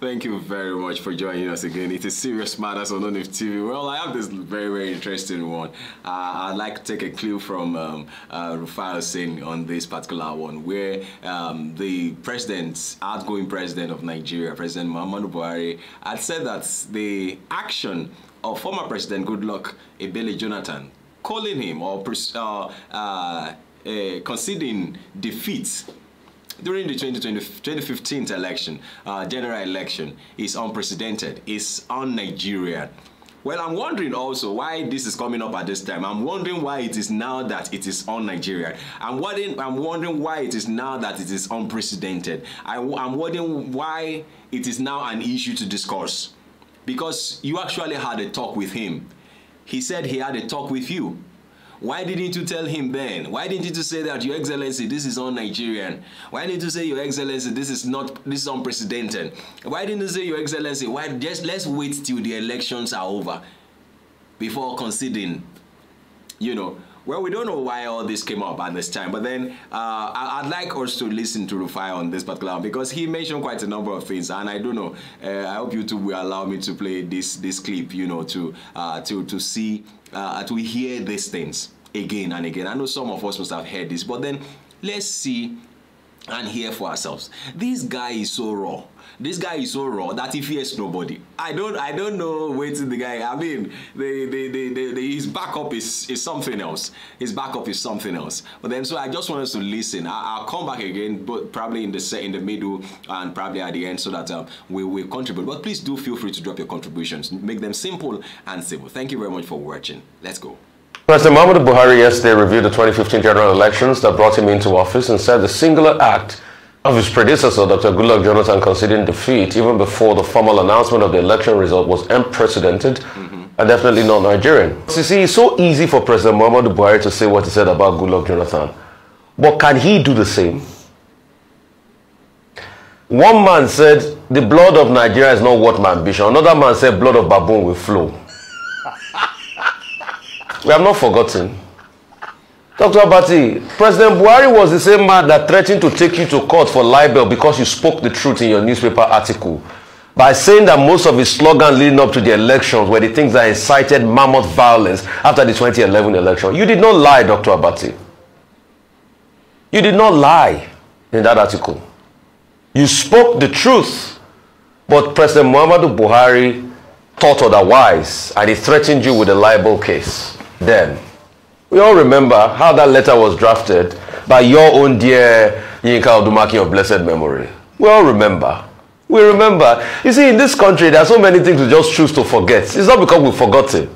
Thank you very much for joining us again. It is Serious Matters on ONIF TV. Well, I have this very, very interesting one. Uh, I'd like to take a clue from um, uh, Rufai Hussein on this particular one, where um, the president, outgoing president of Nigeria, President Muhammadu Buhari, had said that the action of former President Goodluck Ebele Jonathan, calling him or uh, uh, conceding defeat during the 2020, 2015 election, uh, general election, is unprecedented. It's on Nigeria. Well, I'm wondering also why this is coming up at this time. I'm wondering why it is now that it is on Nigeria. I'm wondering, I'm wondering why it is now that it is unprecedented. I, am wondering why it is now an issue to discuss. Because you actually had a talk with him. He said he had a talk with you. Why didn't you tell him then? Why didn't you say that, Your Excellency, this is un-Nigerian? Why didn't you say, Your Excellency, this is not, this is unprecedented? Why didn't you say, Your Excellency, why just let's wait till the elections are over before conceding, you know? Well, we don't know why all this came up at this time, but then uh, I'd like us to listen to Rufai on this particular because he mentioned quite a number of things, and I don't know. Uh, I hope YouTube will allow me to play this this clip, you know, to uh, to to see uh, to hear these things again and again. I know some of us must have heard this, but then let's see and hear for ourselves. This guy is so raw this guy is so raw that he fears nobody. I don't I don't know waiting the guy. I mean, the, the, the, the, his backup is, is something else. His backup is something else. But then, so I just want us to listen. I, will come back again, but probably in the set in the middle and probably at the end, so that uh, we will contribute. But please do feel free to drop your contributions. Make them simple and simple. Thank you very much for watching. Let's go. President Muhammadu Buhari yesterday reviewed the 2015 general elections that brought him into office and said the singular act of his predecessor, Dr. Goodluck Jonathan, conceding defeat even before the formal announcement of the election result was unprecedented mm -hmm. and definitely not Nigerian. So you see, it's so easy for President Muhammadu Buhari to say what he said about Goodluck Jonathan. But can he do the same? One man said, the blood of Nigeria is not worth my ambition. Another man said, blood of baboon will flow. we have not forgotten. Dr. Abati, President Buhari was the same man that threatened to take you to court for libel because you spoke the truth in your newspaper article by saying that most of his slogans leading up to the elections were the things that incited mammoth violence after the 2011 election. You did not lie, Dr. Abati. You did not lie in that article. You spoke the truth, but President Muhammadu Buhari thought otherwise and he threatened you with a libel case then. We all remember how that letter was drafted by your own dear Yinka Odumaki of blessed memory. We all remember. We remember. You see, in this country, there are so many things we just choose to forget. It's not because we've forgotten,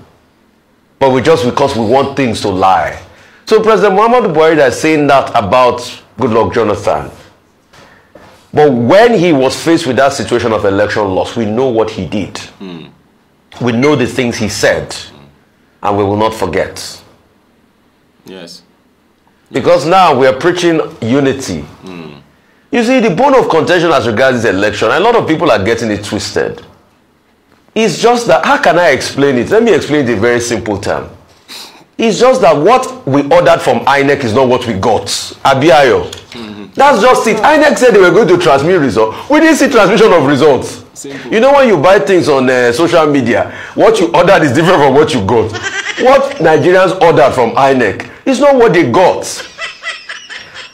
but we just because we want things to lie. So President Muhammad Buhari is saying that about good luck Jonathan. But when he was faced with that situation of election loss, we know what he did. Mm. We know the things he said, and we will not forget. Yes. Because now we are preaching unity. Mm. You see, the bone of contention as regards this election, a lot of people are getting it twisted. It's just that, how can I explain it? Let me explain it in very simple terms. It's just that what we ordered from INEC is not what we got. Abiayo. Mm -hmm. That's just it. INEC said they were going to transmit results. We didn't see transmission of results. Simple. You know when you buy things on uh, social media, what you ordered is different from what you got. what Nigerians ordered from INEC it's not what they got.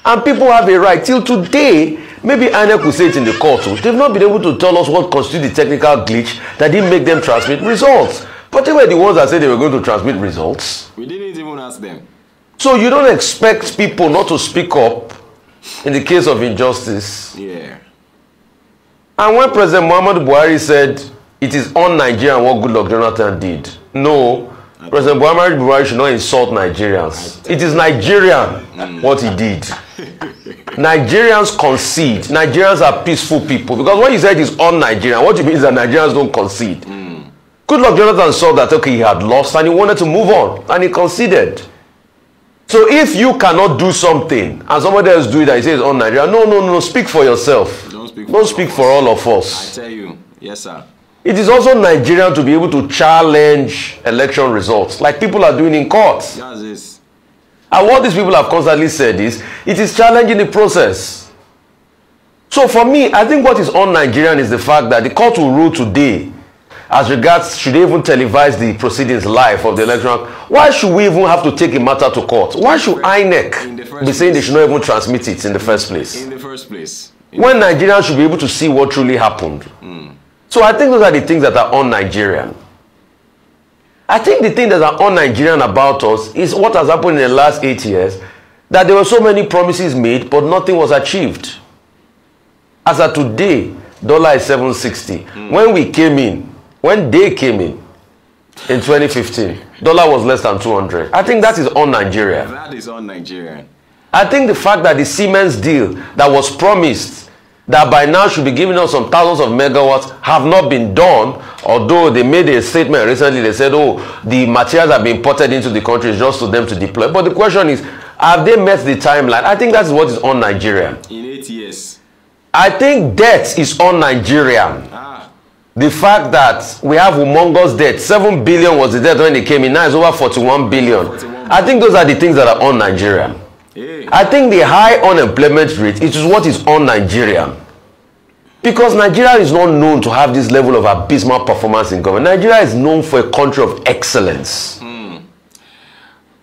and people have a right. Till today, maybe Anna will say it in the court. Oh. They've not been able to tell us what constitutes the technical glitch that didn't make them transmit results. But they were the ones that said they were going to transmit results. We didn't even ask them. So you don't expect people not to speak up in the case of injustice. Yeah. And when President Muhammad Buhari said, it is on Nigeria what Goodluck Jonathan did. No, President Buhari should not insult Nigerians. It is Nigerian mm. what he did. Nigerians concede. Nigerians are peaceful people. Because what he said is on Nigerian. What you mean is that Nigerians don't concede. Mm. Good luck Jonathan saw that, okay, he had lost and he wanted to move on. And he conceded. So if you cannot do something and somebody else do it and he says on Nigeria, no, no, no, speak for yourself. Don't speak, don't for, speak for all of us. I tell you. Yes, sir. It is also Nigerian to be able to challenge election results, like people are doing in courts. Yes, and what these people have constantly said is, it is challenging the process. So for me, I think what on un-Nigerian is the fact that the court will rule today as regards should they even televise the proceedings live of the election? why should we even have to take a matter to court why should inec be saying they should not even transmit it in the first place in the first place when nigerians should be able to see what truly happened mm. So I think those are the things that are on Nigerian. I think the thing that are on Nigerian about us is what has happened in the last eight years that there were so many promises made, but nothing was achieved. As of today, dollar is 760. Mm. When we came in, when they came in, in 2015, dollar was less than 200. I think that is on Nigeria. That is on Nigerian. I think the fact that the Siemens deal that was promised that by now should be giving us some thousands of megawatts have not been done although they made a statement recently they said oh the materials have been imported into the country just for them to deploy but the question is have they met the timeline i think that's what is on nigeria in eight years i think debt is on nigeria ah. the fact that we have humongous debt seven billion was the debt when they came in now it's over forty-one billion i think those are the things that are on nigeria. Yeah. I think the high unemployment rate it is what is on Nigeria. Because Nigeria is not known to have this level of abysmal performance in government. Nigeria is known for a country of excellence. Mm.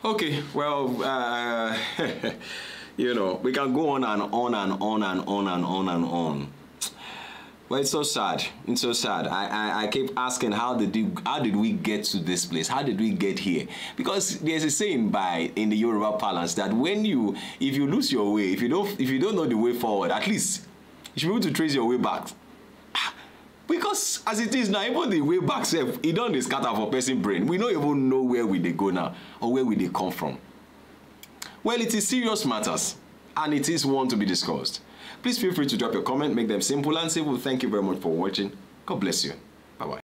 Okay, well, uh, you know, we can go on and on and on and on and on and on. Well, it's so sad. It's so sad. I, I, I keep asking how did you, how did we get to this place? How did we get here? Because there's a saying by in the Yoruba parlance that when you if you lose your way, if you don't if you don't know the way forward, at least you should be able to trace your way back. Ah, because as it is now, even the way back self, it e don't scatter for person brain. We don't even know where we they go now or where we they come from. Well, it is serious matters, and it is one to be discussed. Please feel free to drop your comment, make them simple and simple. Thank you very much for watching. God bless you. Bye-bye.